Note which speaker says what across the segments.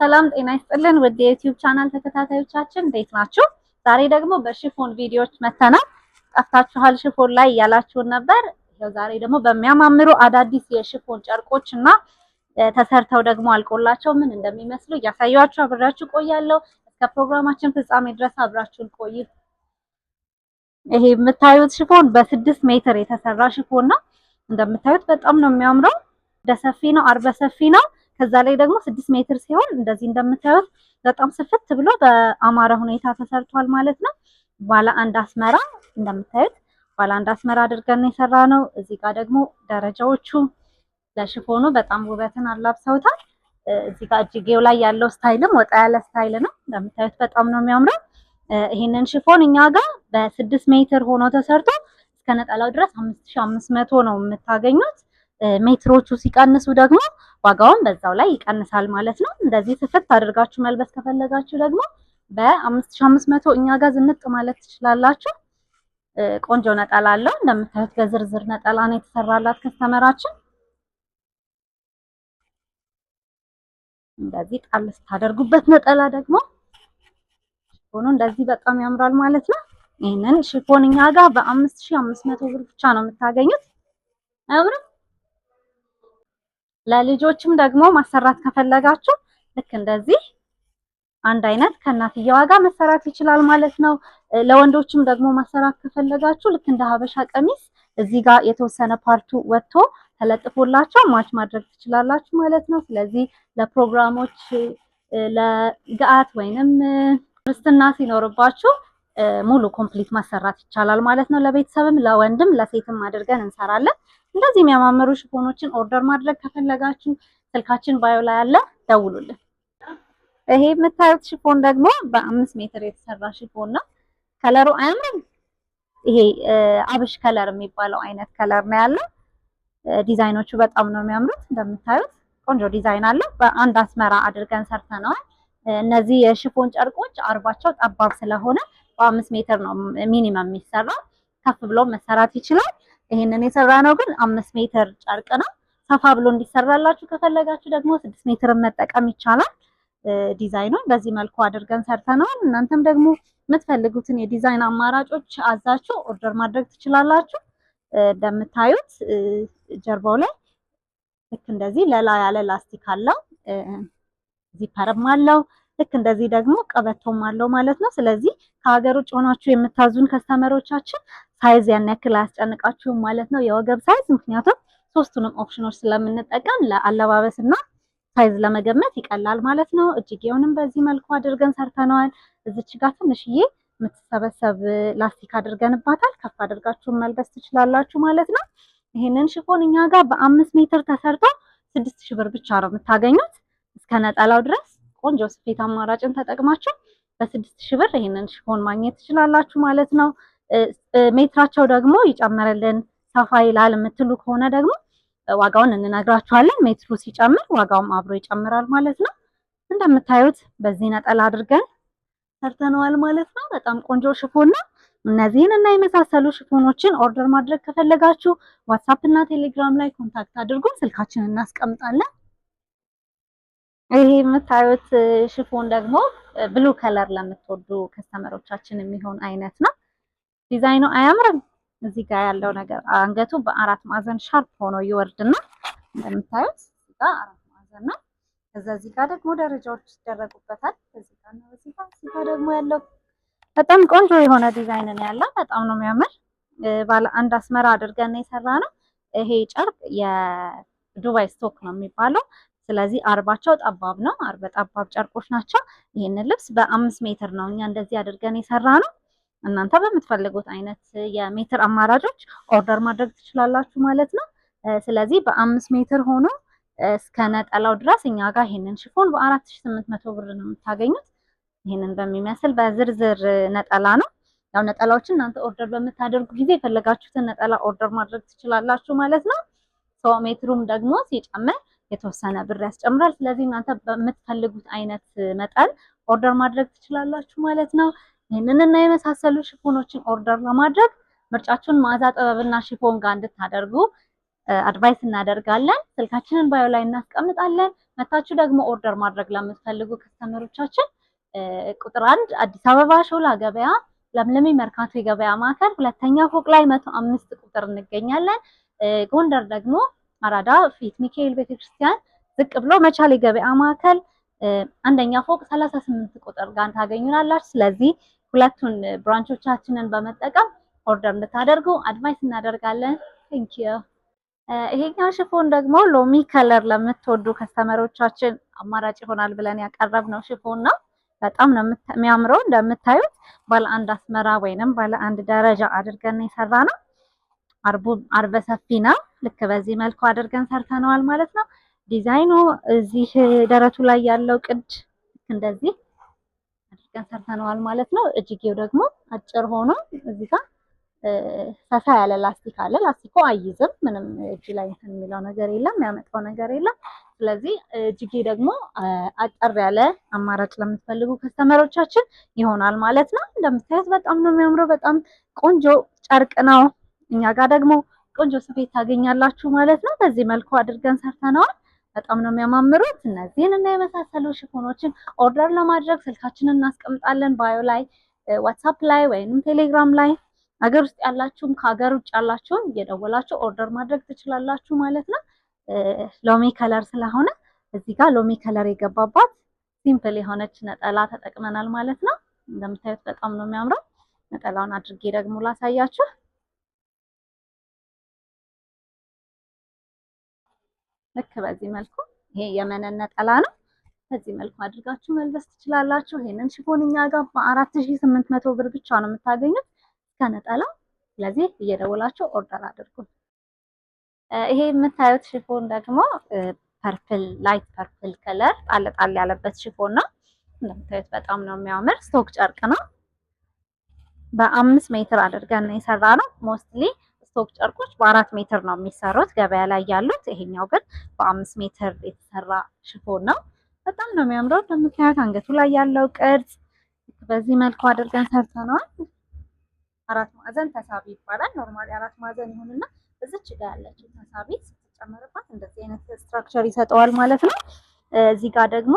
Speaker 1: ሰላም ጤና ይስጥልን ውድ የዩቲዩብ ቻናል ተከታታዮቻችን እንዴት ናችሁ? ዛሬ ደግሞ በሽፎን ቪዲዮዎች መተናል። ጠፍታችኋል ሽፎን ላይ እያላችሁን ነበር። ዛሬ ደግሞ በሚያማምሩ አዳዲስ የሽፎን ጨርቆች እና ተሰርተው ደግሞ አልቆላቸው ምን እንደሚመስሉ እያሳያችሁ አብራችሁ ቆያለሁ። እስከ ፕሮግራማችን ፍጻሜ ድረስ አብራችሁን ቆዩ። ይሄ የምታዩት ሽፎን በስድስት ሜትር የተሰራ ሽፎን ነው። እንደምታዩት በጣም ነው የሚያምረው። ደሰፊ ነው፣ አርበሰፊ ነው። ከዛ ላይ ደግሞ ስድስት ሜትር ሲሆን እንደዚህ እንደምታዩት በጣም ስፍት ብሎ በአማረ ሁኔታ ተሰርቷል ማለት ነው። ባለ አንድ አስመራ እንደምታዩት ባለ አንድ አስመራ አድርገን የሰራ ነው። እዚህ ጋር ደግሞ ደረጃዎቹ ለሽፎኑ በጣም ውበትን አላብሰውታል። እዚህ ጋር እጅጌው ላይ ያለው ስታይልም ወጣ ያለ ስታይል ነው። እንደምታዩት በጣም ነው የሚያምረው። ይህንን ሽፎን እኛ ጋር በስድስት ሜትር ሆኖ ተሰርቶ እስከ ነጠላው ድረስ አምስት አምስት መቶ ነው የምታገኙት። ሜትሮቹ ሲቀንሱ ደግሞ ዋጋውን በዛው ላይ ይቀንሳል ማለት ነው። እንደዚህ ስፍት አድርጋችሁ መልበስ ከፈለጋችሁ ደግሞ በ5500 እኛ ጋር ዝንጥ ማለት ትችላላችሁ። ቆንጆ ነጠላ አለው እንደምታዩት በዝርዝር ነጠላ ነው የተሰራላት ከስተመራችን። እንደዚህ ጣል ስታደርጉበት ነጠላ ደግሞ ሆኖ እንደዚህ በጣም ያምራል ማለት ነው። ይህንን ሽፎን እኛ ጋር በ5500 ብር ብቻ ነው የምታገኙት። አያምርም? ለልጆችም ደግሞ ማሰራት ከፈለጋችሁ ልክ እንደዚህ አንድ አይነት ከእናትየዋ ጋር መሰራት ይችላል ማለት ነው። ለወንዶችም ደግሞ ማሰራት ከፈለጋችሁ ልክ እንደ ሀበሻ ቀሚስ እዚህ ጋር የተወሰነ ፓርቱ ወጥቶ ተለጥፎላቸው ማች ማድረግ ትችላላችሁ ማለት ነው። ስለዚህ ለፕሮግራሞች፣ ለግአት ወይንም ክርስትና ሲኖርባችሁ ሙሉ ኮምፕሊት ማሰራት ይቻላል ማለት ነው። ለቤተሰብም ለወንድም ለሴትም አድርገን እንሰራለን። እንደዚህ የሚያማምሩ ሽፎኖችን ኦርደር ማድረግ ከፈለጋችሁ ስልካችን ባዮ ላይ አለ፣ ደውሉልን። ይሄ የምታዩት ሽፎን ደግሞ በአምስት ሜትር የተሰራ ሽፎን ነው። ከለሩ አያምርም? ይሄ አብሽ ከለር የሚባለው አይነት ከለር ነው ያለው። ዲዛይኖቹ በጣም ነው የሚያምሩት። እንደምታዩት ቆንጆ ዲዛይን አለው። በአንድ አስመራ አድርገን ሰርተነዋል። እነዚህ የሽፎን ጨርቆች አርባቸው ጠባብ ስለሆነ በአምስት ሜትር ነው ሚኒመም የሚሰራው። ከፍ ብሎ መሰራት ይችላል። ይሄንን የሰራ ነው ግን አምስት ሜትር ጨርቅ ነው። ሰፋ ብሎ እንዲሰራላችሁ ከፈለጋችሁ ደግሞ ስድስት ሜትር መጠቀም ይቻላል። ዲዛይኑን በዚህ መልኩ አድርገን ሰርተነዋል። እናንተም ደግሞ የምትፈልጉትን የዲዛይን አማራጮች አዛችሁ ኦርደር ማድረግ ትችላላችሁ። እንደምታዩት ጀርባው ላይ ልክ እንደዚህ ለላ ያለ ላስቲክ አለው፣ ዚፐርም አለው። ልክ እንደዚህ ደግሞ ቀበቶም አለው ማለት ነው። ስለዚህ ከሀገር ውጭ ሆናችሁ የምታዙን ከስተመሮቻችን ሳይዝ ያን ያክል አያስጨንቃችሁም ማለት ነው፣ የወገብ ሳይዝ ምክንያቱም ሶስቱንም ኦፕሽኖች ስለምንጠቀም ለአለባበስ ና ሳይዝ ለመገመት ይቀላል ማለት ነው። እጅጌውንም በዚህ መልኩ አድርገን ሰርተነዋል። እዚች ጋር ትንሽዬ የምትሰበሰብ ላስቲክ አድርገንባታል። ከፍ አድርጋችሁን መልበስ ትችላላችሁ ማለት ነው። ይህንን ሽፎን እኛ ጋር በአምስት ሜትር ተሰርቶ ስድስት ሺህ ብር ብቻ ነው የምታገኙት እስከ ነጠላው ድረስ ቆንጆ ስፌት አማራጭን ተጠቅማችሁ በስድስት ሺህ ብር ይህንን ሽፎን ማግኘት ትችላላችሁ ማለት ነው። ሜትራቸው ደግሞ ይጨምርልን ሰፋ ይላል የምትሉ ከሆነ ደግሞ ዋጋውን እንነግራችኋለን። ሜትሩ ሲጨምር ዋጋውም አብሮ ይጨምራል ማለት ነው። እንደምታዩት በዚህ ነጠላ አድርገን ሰርተነዋል ማለት ነው። በጣም ቆንጆ ሽፎን ነው። እነዚህን እና የመሳሰሉ ሽፎኖችን ኦርደር ማድረግ ከፈለጋችሁ ዋትሳፕ እና ቴሌግራም ላይ ኮንታክት አድርጉን። ስልካችንን እናስቀምጣለን። ይሄ የምታዩት ሽፎን ደግሞ ብሉ ከለር ለምትወዱ ከስተመሮቻችን የሚሆን አይነት ነው። ዲዛይኑ አያምርም? እዚህ ጋር ያለው ነገር አንገቱ በአራት ማዕዘን ሻርፕ ሆኖ ይወርድና እንደምታዩት እዚህ ጋር አራት ማዕዘን ነው። ከዛ እዚህ ጋር ደግሞ ደረጃዎች ይደረጉበታል። እዚህ ጋር ነው። እዚህ ጋር እዚህ ጋር ደግሞ ያለው በጣም ቆንጆ የሆነ ዲዛይን ነው ያለው። በጣም ነው የሚያምር። ባለ አንድ አስመራ አድርገን የሰራ ነው። ይሄ ጨርቅ የዱባይ ስቶክ ነው የሚባለው። ስለዚህ አርባቸው ጠባብ ነው። አርበ ጠባብ ጨርቆች ናቸው። ይህንን ልብስ በአምስት ሜትር ነው እኛ እንደዚህ አድርገን የሰራ ነው። እናንተ በምትፈልጉት አይነት የሜትር አማራጮች ኦርደር ማድረግ ትችላላችሁ ማለት ነው። ስለዚህ በአምስት ሜትር ሆኖ እስከ ነጠላው ድረስ እኛ ጋር ይህንን ሽፎን በአራት ሺ ስምንት መቶ ብር ነው የምታገኙት። ይህንን በሚመስል በዝርዝር ነጠላ ነው። ያው ነጠላዎችን እናንተ ኦርደር በምታደርጉ ጊዜ የፈለጋችሁትን ነጠላ ኦርደር ማድረግ ትችላላችሁ ማለት ነው። ሰው ሜትሩም ደግሞ ሲጨምር የተወሰነ ብር ያስጨምራል። ስለዚህ እናንተ በምትፈልጉት አይነት መጠን ኦርደር ማድረግ ትችላላችሁ ማለት ነው። ይህንንና የመሳሰሉ ሽፎኖችን ኦርደር ለማድረግ ምርጫችሁን መዓዛ ጥበብና ሽፎን ጋር እንድታደርጉ አድቫይስ እናደርጋለን። ስልካችንን ባዮ ላይ እናስቀምጣለን። መታችሁ ደግሞ ኦርደር ማድረግ ለምትፈልጉ ከስተመሮቻችን ቁጥር አንድ አዲስ አበባ ሾላ ገበያ ለምለሚ መርካቶ የገበያ ማዕከል ሁለተኛ ፎቅ ላይ መቶ አምስት ቁጥር እንገኛለን። ጎንደር ደግሞ አራዳ ፊት ሚካኤል ቤተክርስቲያን ዝቅ ብሎ መቻል ገበያ ማዕከል አንደኛ ፎቅ 38 ቁጥር ጋር ታገኙናላችሁ። ስለዚህ ሁለቱን ብራንቾቻችንን በመጠቀም ኦርደር እንድታደርጉ አድቫይስ እናደርጋለን። ቴንክ ዩ። ይሄኛው ሽፎን ደግሞ ሎሚ ከለር ለምትወዱ ከስተመሮቻችን አማራጭ ይሆናል ብለን ያቀረብነው ሽፎን ነው። በጣም ነው የሚያምረው። እንደምታዩት ባለ አንድ አስመራ ወይንም ባለ አንድ ደረጃ አድርገን የሰራ ነው። አርበ ሰፊና ልክ በዚህ መልኩ አድርገን ሰርተነዋል ማለት ነው። ዲዛይኑ እዚህ ደረቱ ላይ ያለው ቅድ እንደዚህ አድርገን ሰርተነዋል ማለት ነው። እጅጌው ደግሞ አጭር ሆኖ እዚህ ጋር ሰፋ ያለ ላስቲክ አለ። ላስቲኩ አይዝም፣ ምንም እጅ ላይ የሚለው ነገር የለም፣ የሚያመጣው ነገር የለም። ስለዚህ እጅጌ ደግሞ አጠር ያለ አማራጭ ለምትፈልጉ ከስተመሮቻችን ይሆናል ማለት ነው። እንደምታዩት በጣም ነው የሚያምረው። በጣም ቆንጆ ጨርቅ ነው። እኛ ጋር ደግሞ ቆንጆ ስፌት ታገኛላችሁ ማለት ነው። በዚህ መልኩ አድርገን ሰርተነዋል። በጣም ነው የሚያማምሩት። እነዚህን እና የመሳሰሉ ሽፎኖችን ኦርደር ለማድረግ ስልካችንን እናስቀምጣለን ባዮ ላይ፣ ዋትሳፕ ላይ ወይም ቴሌግራም ላይ ሀገር ውስጥ ያላችሁም ከሀገር ውጭ ያላችሁም እየደወላችሁ ኦርደር ማድረግ ትችላላችሁ ማለት ነው። ሎሚ ከለር ስለሆነ እዚህ ጋር ሎሚ ከለር የገባባት ሲምፕል የሆነች ነጠላ ተጠቅመናል ማለት ነው። እንደምታዩት በጣም ነው የሚያምረው። ነጠላውን አድርጌ ደግሞ ላሳያችሁ። ልክ በዚህ መልኩ ይሄ የመነን ነጠላ ነው። በዚህ መልኩ አድርጋችሁ መልበስ ትችላላችሁ። ይሄንን ሽፎን እኛ ጋር በአራት ሺህ ስምንት መቶ ብር ብቻ ነው የምታገኙት ከነጠላ። ስለዚህ እየደወላችሁ ኦርደር አድርጉ። ይሄ የምታዩት ሽፎን ደግሞ ፐርፕል ላይት ፐርፕል ከለር ጣል ጣል ያለበት ሽፎን ነው። እንደምታዩት በጣም ነው የሚያምር። ስቶክ ጨርቅ ነው። በአምስት ሜትር አድርገን የሰራ ነው ሞስትሊ ቶፕ ጨርቆች በአራት ሜትር ነው የሚሰሩት ገበያ ላይ ያሉት። ይሄኛው ግን በአምስት ሜትር የተሰራ ሽፎን ነው። በጣም ነው የሚያምረው። እንደምታዩት አንገቱ ላይ ያለው ቅርጽ በዚህ መልኩ አድርገን ሰርተነዋል። አራት ማዕዘን ተሳቢ ይባላል። ኖርማሊ አራት ማዕዘን ይሁንና እዚች ጋር ያለችው ተሳቢ ስትጨምርባት እንደዚህ አይነት ስትራክቸር ይሰጠዋል ማለት ነው። እዚህ ጋር ደግሞ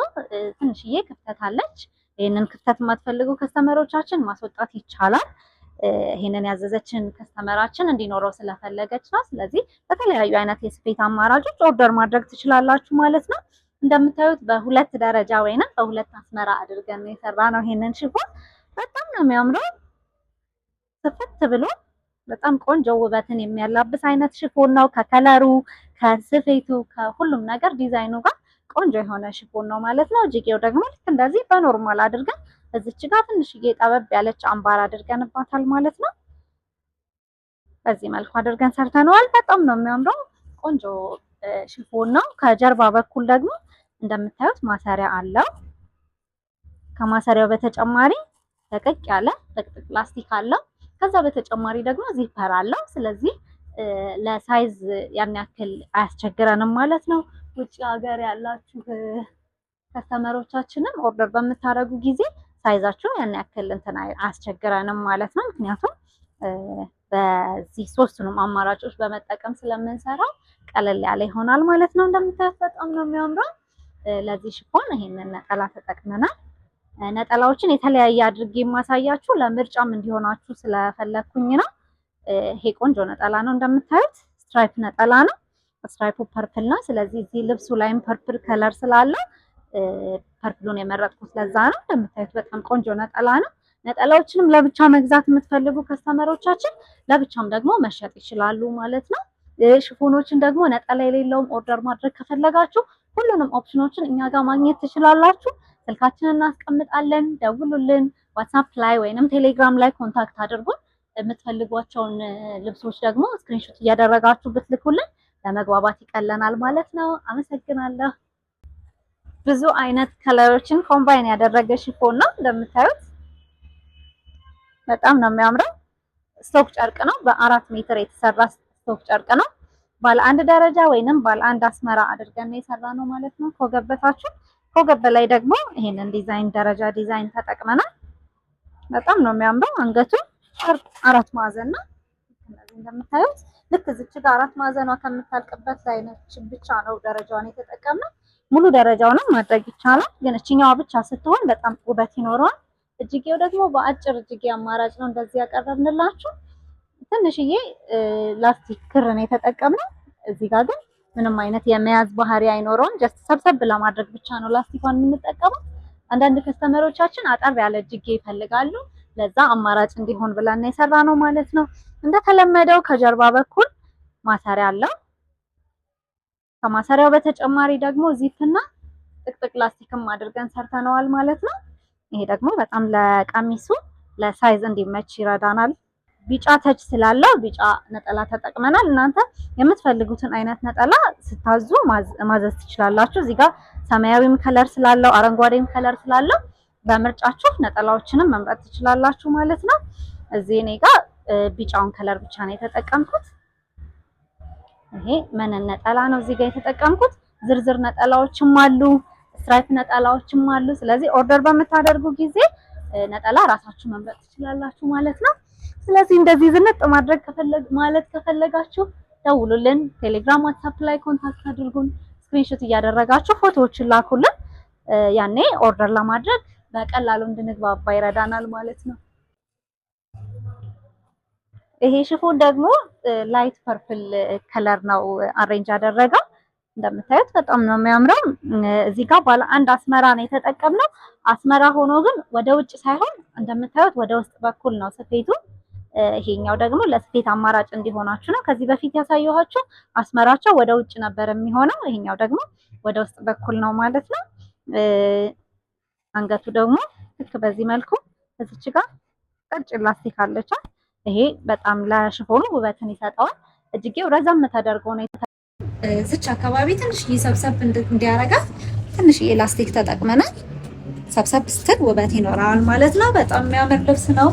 Speaker 1: ትንሽዬ ክፍተት አለች። ይህንን ክፍተት የማትፈልጉ ከስተመሮቻችን ማስወጣት ይቻላል። ይህንን ያዘዘችን ከስተመራችን እንዲኖረው ስለፈለገች ነው። ስለዚህ በተለያዩ አይነት የስፌት አማራጮች ኦርደር ማድረግ ትችላላችሁ ማለት ነው። እንደምታዩት በሁለት ደረጃ ወይንም በሁለት አስመራ አድርገን ነው የሰራ ነው። ይሄንን ሽፎን በጣም ነው የሚያምረው ስፍት ብሎ በጣም ቆንጆ ውበትን የሚያላብስ አይነት ሽፎን ነው። ከከለሩ፣ ከስፌቱ፣ ከሁሉም ነገር ዲዛይኑ ጋር ቆንጆ የሆነ ሽፎን ነው ማለት ነው። እጅጌው ደግሞ ልክ እንደዚህ በኖርማል አድርገን እዚች ጋር ትንሽዬ ጠበብ ያለች አምባር አድርገንባታል ማለት ነው። በዚህ መልኩ አድርገን ሰርተነዋል። በጣም ነው የሚያምረው። ቆንጆ ሽፎን ነው። ከጀርባ በኩል ደግሞ እንደምታዩት ማሰሪያ አለው። ከማሰሪያው በተጨማሪ ለቀቅ ያለ ጥቅጥቅ ፕላስቲክ አለው። ከዛ በተጨማሪ ደግሞ ዚፐር አለው። ስለዚህ ለሳይዝ ያን ያክል አያስቸግረንም ማለት ነው። ውጭ ሀገር ያላችሁ ከስተመሮቻችንም ኦርደር በምታደርጉ ጊዜ ሳይዛቸው ያን ያክል እንትን አያስቸግረንም ማለት ነው። ምክንያቱም በዚህ ሶስቱንም አማራጮች በመጠቀም ስለምንሰራው ቀለል ያለ ይሆናል ማለት ነው። እንደምታዩት በጣም ነው የሚያምረው። ለዚህ ሽፎን ይሄንን ነጠላ ተጠቅመናል። ነጠላዎችን የተለያየ አድርጌ የማሳያችሁ ለምርጫም እንዲሆናችሁ ስለፈለግኩኝ ነው። ይሄ ቆንጆ ነጠላ ነው እንደምታዩት ስትራይፕ ነጠላ ነው። ስትራይፑ ፐርፕል ነው። ስለዚህ እዚህ ልብሱ ላይም ፐርፕል ከለር ስላለው ፐርፕሉን የመረጥኩት ለዛ ነው። እንደምታዩት በጣም ቆንጆ ነጠላ ነው። ነጠላዎችንም ለብቻ መግዛት የምትፈልጉ ከስተመሮቻችን ለብቻም ደግሞ መሸጥ ይችላሉ ማለት ነው። ሽፎኖችን ደግሞ ነጠላ የሌለውም ኦርደር ማድረግ ከፈለጋችሁ ሁሉንም ኦፕሽኖችን እኛ ጋር ማግኘት ትችላላችሁ። ስልካችንን እናስቀምጣለን፣ ደውሉልን። ዋትሳፕ ላይ ወይንም ቴሌግራም ላይ ኮንታክት አድርጉን። የምትፈልጓቸውን ልብሶች ደግሞ ስክሪንሾት እያደረጋችሁ ብትልኩልን ለመግባባት ይቀለናል ማለት ነው። አመሰግናለሁ። ብዙ አይነት ከለሮችን ኮምባይን ያደረገ ሽፎን ነው። እንደምታዩት በጣም ነው የሚያምረው። ስቶክ ጨርቅ ነው። በአራት ሜትር የተሰራ ስቶክ ጨርቅ ነው። ባለ አንድ ደረጃ ወይንም ባለ አንድ አስመራ አድርገን የሰራ ነው ማለት ነው። ከገበታችሁ ከገበ ላይ ደግሞ ይሄንን ዲዛይን ደረጃ ዲዛይን ተጠቅመናል። በጣም ነው የሚያምረው። አንገቱ አራት ማዕዘን ነው። እንደምታዩት ልክ እዚች ጋር አራት ማዕዘኗ ከምታልቅበት ላይ ነች ብቻ ነው ደረጃዋን የተጠቀምነው። ሙሉ ደረጃውንም ማድረግ ይቻላል። ግን እችኛዋ ብቻ ስትሆን በጣም ውበት ይኖረዋል። እጅጌው ደግሞ በአጭር እጅጌ አማራጭ ነው እንደዚህ ያቀረብንላችሁ። ትንሽዬ ላስቲክ ክርን ነው የተጠቀምነው። እዚህ ጋር ግን ምንም አይነት የመያዝ ባህሪ አይኖረውም። ጀስት ሰብሰብ ለማድረግ ብቻ ነው ላስቲኳን የምንጠቀመው። አንዳንድ ከስተመሮቻችን አጠር ያለ እጅጌ ይፈልጋሉ። ለዛ አማራጭ እንዲሆን ብለን የሰራ ነው ማለት ነው። እንደተለመደው ከጀርባ በኩል ማሰሪያ አለው። ከማሰሪያው በተጨማሪ ደግሞ ዚፕና ጥቅጥቅ ላስቲክም አድርገን ሰርተነዋል ማለት ነው። ይሄ ደግሞ በጣም ለቀሚሱ ለሳይዝ እንዲመች ይረዳናል። ቢጫ ተች ስላለው ቢጫ ነጠላ ተጠቅመናል። እናንተ የምትፈልጉትን አይነት ነጠላ ስታዙ ማዘዝ ትችላላችሁ። እዚህ ጋር ሰማያዊም ከለር ስላለው አረንጓዴም ከለር ስላለው በምርጫችሁ ነጠላዎችንም መምረጥ ትችላላችሁ ማለት ነው። እዚህ እኔ ጋር ቢጫውን ከለር ብቻ ነው የተጠቀምኩት። ይሄ መነን ነጠላ ነው እዚህ ጋር የተጠቀምኩት። ዝርዝር ነጠላዎችም አሉ፣ ስትራይፕ ነጠላዎችም አሉ። ስለዚህ ኦርደር በምታደርጉ ጊዜ ነጠላ ራሳችሁ መምረጥ ትችላላችሁ ማለት ነው። ስለዚህ እንደዚህ ዝንጥ ማድረግ ከፈለግ ማለት ከፈለጋችሁ ደውሉልን፣ ቴሌግራም፣ ዋትሳፕ ላይ ኮንታክት አድርጉን። ስክሪንሾት እያደረጋችሁ ፎቶዎችን ላኩልን። ያኔ ኦርደር ለማድረግ በቀላሉ እንድንግባባ ይረዳናል ማለት ነው። ይሄ ሽፎን ደግሞ ላይት ፐርፕል ከለር ነው አሬንጅ ያደረገው። እንደምታዩት በጣም ነው የሚያምረው። እዚህ ጋር ባለ አንድ አስመራ ነው የተጠቀምነው። አስመራ ሆኖ ግን ወደ ውጭ ሳይሆን እንደምታዩት ወደ ውስጥ በኩል ነው ስፌቱ። ይሄኛው ደግሞ ለስፌት አማራጭ እንዲሆናችሁ ነው። ከዚህ በፊት ያሳየኋችሁ አስመራቸው ወደ ውጭ ነበር የሚሆነው። ይሄኛው ደግሞ ወደ ውስጥ በኩል ነው ማለት ነው። አንገቱ ደግሞ ልክ በዚህ መልኩ እዚች ጋር ቀጭን ላስቲክ አለቻት። ይሄ በጣም ለሽፎኑ ውበትን ይሰጠዋል። እጅጌው ረዘም ተደርጎ ነው። ፍች አካባቢ ትንሽ ሰብሰብ እንዲያረጋት ትንሽ ኤላስቲክ ተጠቅመናል። ሰብሰብ ስትል ውበት ይኖረዋል ማለት ነው። በጣም የሚያምር ልብስ ነው።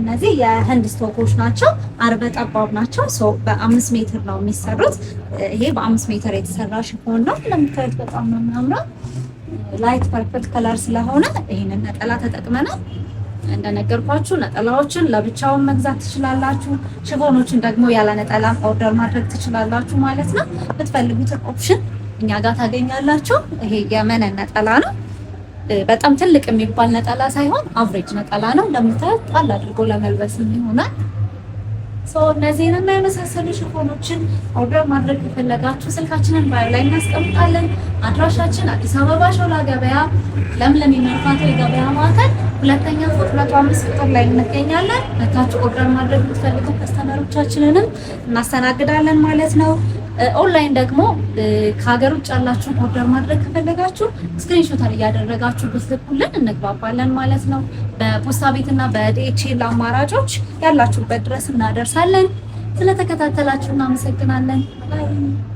Speaker 1: እነዚህ የህንድ ስቶኮች ናቸው። አርበ ጠባብ ናቸው። በአምስት ሜትር ነው የሚሰሩት። ይሄ በአምስት ሜትር የተሰራ ሽፎን ነው። እንደምታዩት በጣም ነው የሚያምረው። ላይት ፐርፕል ከለር ስለሆነ ይህንን ነጠላ ተጠቅመናል። እንደነገርኳችሁ ነጠላዎችን ለብቻውን መግዛት ትችላላችሁ። ሽፎኖችን ደግሞ ያለ ነጠላ ኦርደር ማድረግ ትችላላችሁ ማለት ነው። የምትፈልጉትን ኦፕሽን እኛ ጋር ታገኛላችሁ። ይሄ የመነን ነጠላ ነው። በጣም ትልቅ የሚባል ነጠላ ሳይሆን አቨሬጅ ነጠላ ነው። እንደምታዩት ጣል አድርጎ ለመልበስ ይሆናል። እነዚህን እና የመሳሰሉ ሽፎኖችን ኦርደር ማድረግ የፈለጋችሁ ስልካችንን ባዩ ላይ እናስቀምጣለን። አድራሻችን አዲስ አበባ ሾላ ገበያ ለምለም የመርካቶ የገበያ ሁለተኛ ፎቅ ሁለቱ አምስት ቁጥር ላይ እንገኛለን። መታችሁ ኦርደር ማድረግ የምትፈልጉ ከስተመሮቻችንንም እናስተናግዳለን ማለት ነው። ኦንላይን ደግሞ ከሀገር ውጭ ያላችሁን ኦርደር ማድረግ ከፈለጋችሁ ስክሪንሾታን እያደረጋችሁ ብትልኩልን እንግባባለን ማለት ነው። በፖስታ ቤትና በዲኤችኤል አማራጮች ያላችሁበት ድረስ እናደርሳለን። ስለተከታተላችሁ እናመሰግናለን።